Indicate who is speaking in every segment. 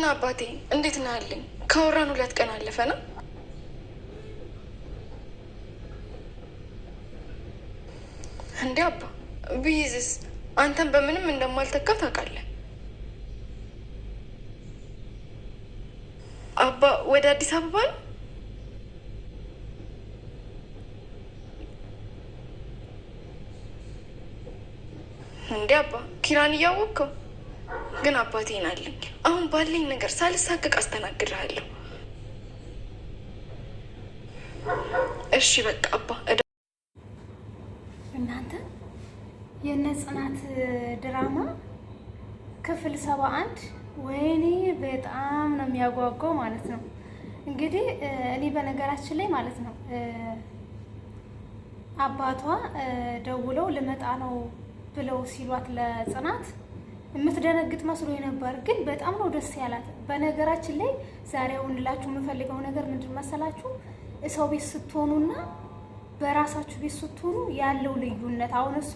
Speaker 1: እና አባቴ እንዴት ነህ አለኝ። ከወራን ሁለት ቀን አለፈ ነው። እንዴ አባ ብይዝስ አንተን በምንም እንደማልተካው ታውቃለህ። አባ ወደ አዲስ አበባ ነው። እንዴ አባ ኪራን እያወቅከው ግን አባቴን አለኝ። አሁን ባለኝ ነገር ሳልሳቅቅ አስተናግድሃለሁ። እሺ በቃ አባ።
Speaker 2: እናንተ የእነ ጽናት ድራማ ክፍል ሰባ አንድ ወይኔ በጣም ነው የሚያጓጓው ማለት ነው። እንግዲህ እኔ በነገራችን ላይ ማለት ነው አባቷ ደውለው ልመጣ ነው ብለው ሲሏት ለጽናት የምትደነግጥ መስሎ ነበር፣ ግን በጣም ነው ደስ ያላት። በነገራችን ላይ ዛሬ ውንላችሁ የምፈልገው ነገር ምንድን መሰላችሁ? ሰው ቤት ስትሆኑና በራሳችሁ ቤት ስትሆኑ ያለው ልዩነት። አሁን እሷ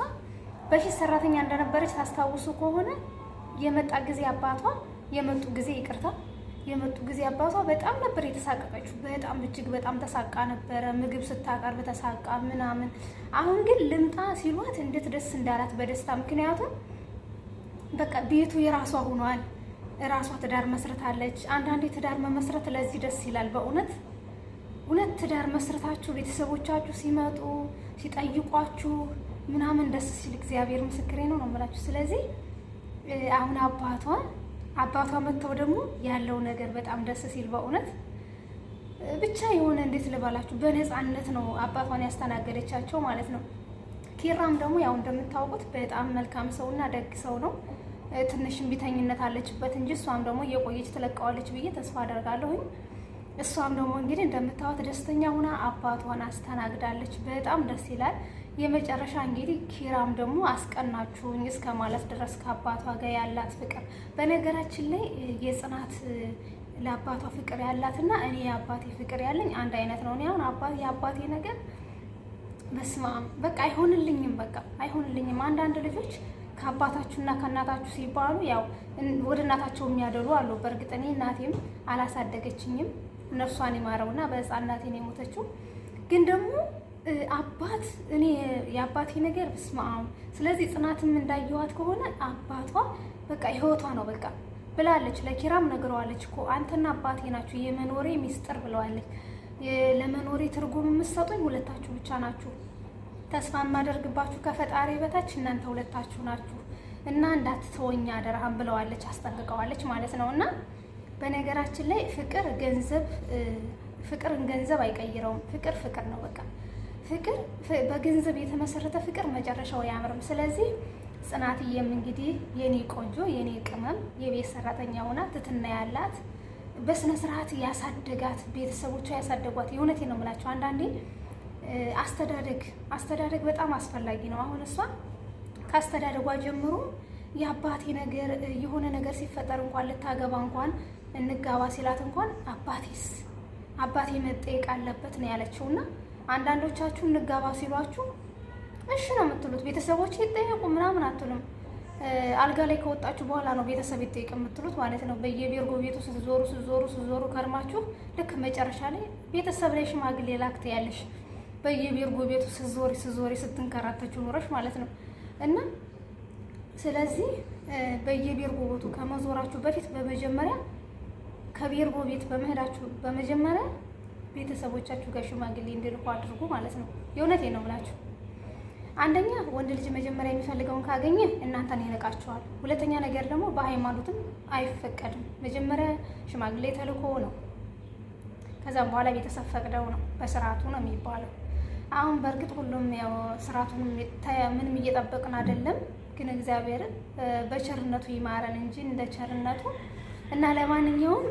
Speaker 2: በፊት ሰራተኛ እንደነበረች ታስታውሱ ከሆነ የመጣ ጊዜ አባቷ የመጡ ጊዜ ይቅርታ የመጡ ጊዜ አባቷ በጣም ነበር የተሳቀቀችው። በጣም እጅግ በጣም ተሳቃ ነበረ። ምግብ ስታቀርብ ተሳቃ ምናምን። አሁን ግን ልምጣ ሲሏት እንዴት ደስ እንዳላት በደስታ ምክንያቱም በቃ ቤቱ የራሷ ሆኗል። ራሷ ትዳር መስርታለች። አንዳንዴ ትዳር መመስረት ለዚህ ደስ ይላል በእውነት እውነት ትዳር መስረታችሁ ቤተሰቦቻችሁ ሲመጡ ሲጠይቋችሁ ምናምን ደስ ሲል እግዚአብሔር ምስክሬ ነው ነው የምላችሁ። ስለዚህ አሁን አባቷ አባቷ መጥተው ደግሞ ያለው ነገር በጣም ደስ ሲል በእውነት ብቻ የሆነ እንዴት ልባላችሁ በነፃነት ነው አባቷን ያስተናገደቻቸው ማለት ነው። ኪራም ደግሞ ያው እንደምታውቁት በጣም መልካም ሰው እና ደግ ሰው ነው። ትንሽ እምቢተኝነት አለችበት እንጂ እሷም ደግሞ እየቆየች ትለቀዋለች ብዬ ተስፋ አደርጋለሁኝ። እሷም ደግሞ እንግዲህ እንደምታወት ደስተኛ ሆና አባቷን አስተናግዳለች። በጣም ደስ ይላል። የመጨረሻ እንግዲህ ኪራም ደግሞ አስቀናችሁኝ እስከ ማለት ድረስ ከአባቷ ጋር ያላት ፍቅር። በነገራችን ላይ የጽናት ለአባቷ ፍቅር ያላትና እኔ የአባቴ ፍቅር ያለኝ አንድ አይነት ነው። እኔ አሁን የአባቴ ነገር በስማም በቃ አይሆንልኝም፣ በቃ አይሆንልኝም። አንዳንድ ልጆች ከአባታችሁና ከእናታችሁ ሲባሉ ያው ወደ እናታቸው የሚያደሉ አሉ። በእርግጥ እኔ እናቴም አላሳደገችኝም፣ እነሷን የማረውና በህፃናቴ የሞተችው። ግን ደግሞ አባት እኔ የአባቴ ነገር ብስማም። ስለዚህ ጽናትም እንዳየዋት ከሆነ አባቷ በቃ ህይወቷ ነው በቃ ብላለች። ለኪራም ነግረዋለች እኮ አንተና አባቴ ናችሁ የመኖሬ ሚስጥር ብለዋለች። ለመኖሬ ትርጉም የምትሰጡኝ ሁለታችሁ ብቻ ናችሁ። ተስፋ የማደርግባችሁ ከፈጣሪ በታች እናንተ ሁለታችሁ ናችሁ እና እንዳትተወኛ አደራህም ብለዋለች፣ አስጠንቅቀዋለች ማለት ነው። እና በነገራችን ላይ ፍቅር ገንዘብ ፍቅርን ገንዘብ አይቀይረውም። ፍቅር ፍቅር ነው በቃ ፍቅር በገንዘብ የተመሰረተ ፍቅር መጨረሻው አያምርም። ስለዚህ ጽናትዬም እንግዲህ የኔ ቆንጆ የኔ ቅመም የቤት ሰራተኛ ሆና ትትና ያላት በስነ ስርዓት ያሳደጋት ቤተሰቦቿ ያሳደጓት። የእውነቴ ነው የምላቸው። አንዳንዴ አስተዳደግ አስተዳደግ በጣም አስፈላጊ ነው። አሁን እሷ ከአስተዳደጓ ጀምሮ የአባቴ ነገር የሆነ ነገር ሲፈጠር እንኳን ልታገባ እንኳን እንጋባ ሲላት እንኳን አባቴስ አባቴ መጠየቅ አለበት ነው ያለችው። እና አንዳንዶቻችሁ እንጋባ ሲሏችሁ እሺ ነው የምትሉት። ቤተሰቦች ይጠየቁ ምናምን አትሉም። አልጋ ላይ ከወጣችሁ በኋላ ነው ቤተሰብ ይጠይቅ የምትሉት ማለት ነው። በየቤርጎ ቤቱ ስትዞሩ ስትዞሩ ስትዞሩ ከርማችሁ ልክ መጨረሻ ላይ ቤተሰብ ላይ ሽማግሌ ላክት ያለሽ በየቤርጎ ቤቱ ስትዞሪ ስትዞሪ ስትንከራተች ኖረሽ ማለት ነው እና ስለዚህ በየቤርጎ ቤቱ ከመዞራችሁ በፊት በመጀመሪያ ከቤርጎ ቤት በመሄዳችሁ በመጀመሪያ ቤተሰቦቻችሁ ጋር ሽማግሌ እንዲልኩ አድርጉ ማለት ነው። የእውነቴ ነው ብላችሁ አንደኛ ወንድ ልጅ መጀመሪያ የሚፈልገውን ካገኘ እናንተን ይነቃችኋል። ሁለተኛ ነገር ደግሞ በሃይማኖትም አይፈቀድም። መጀመሪያ ሽማግሌ ተልኮ ነው፣ ከዛም በኋላ ቤተሰብ ፈቅደው ነው በስርዓቱ ነው የሚባለው። አሁን በእርግጥ ሁሉም ያው ስርዓቱን ምንም እየጠበቅን አይደለም፣ ግን እግዚአብሔርን በቸርነቱ ይማረን እንጂ እንደ ቸርነቱ እና ለማንኛውም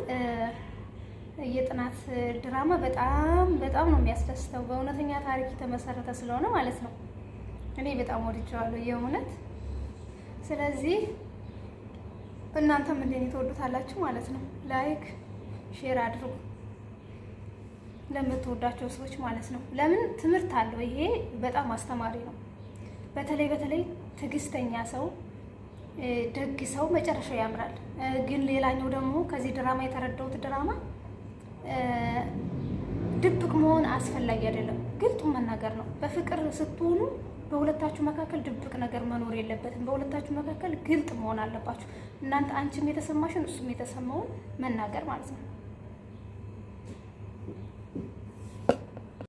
Speaker 2: የጥናት ድራማ በጣም በጣም ነው የሚያስደስተው በእውነተኛ ታሪክ የተመሰረተ ስለሆነ ማለት ነው። እኔ በጣም ወድጀዋለሁ የእውነት። ስለዚህ እናንተም እንደኔ ትወዱታላችሁ ማለት ነው። ላይክ ሼር አድርጉ ለምትወዳቸው ሰዎች ማለት ነው። ለምን ትምህርት አለው ይሄ በጣም አስተማሪ ነው። በተለይ በተለይ ትዕግስተኛ ሰው፣ ደግ ሰው መጨረሻው ያምራል። ግን ሌላኛው ደግሞ ከዚህ ድራማ የተረዳሁት ድራማ ድብቅ መሆን አስፈላጊ አይደለም፣ ግልጡን መናገር ነው። በፍቅር ስትሆኑ በሁለታችሁ መካከል ድብቅ ነገር መኖር የለበትም። በሁለታችሁ መካከል ግልጥ መሆን አለባችሁ። እናንተ አንቺም የተሰማሽን እሱም የተሰማውን መናገር ማለት ነው።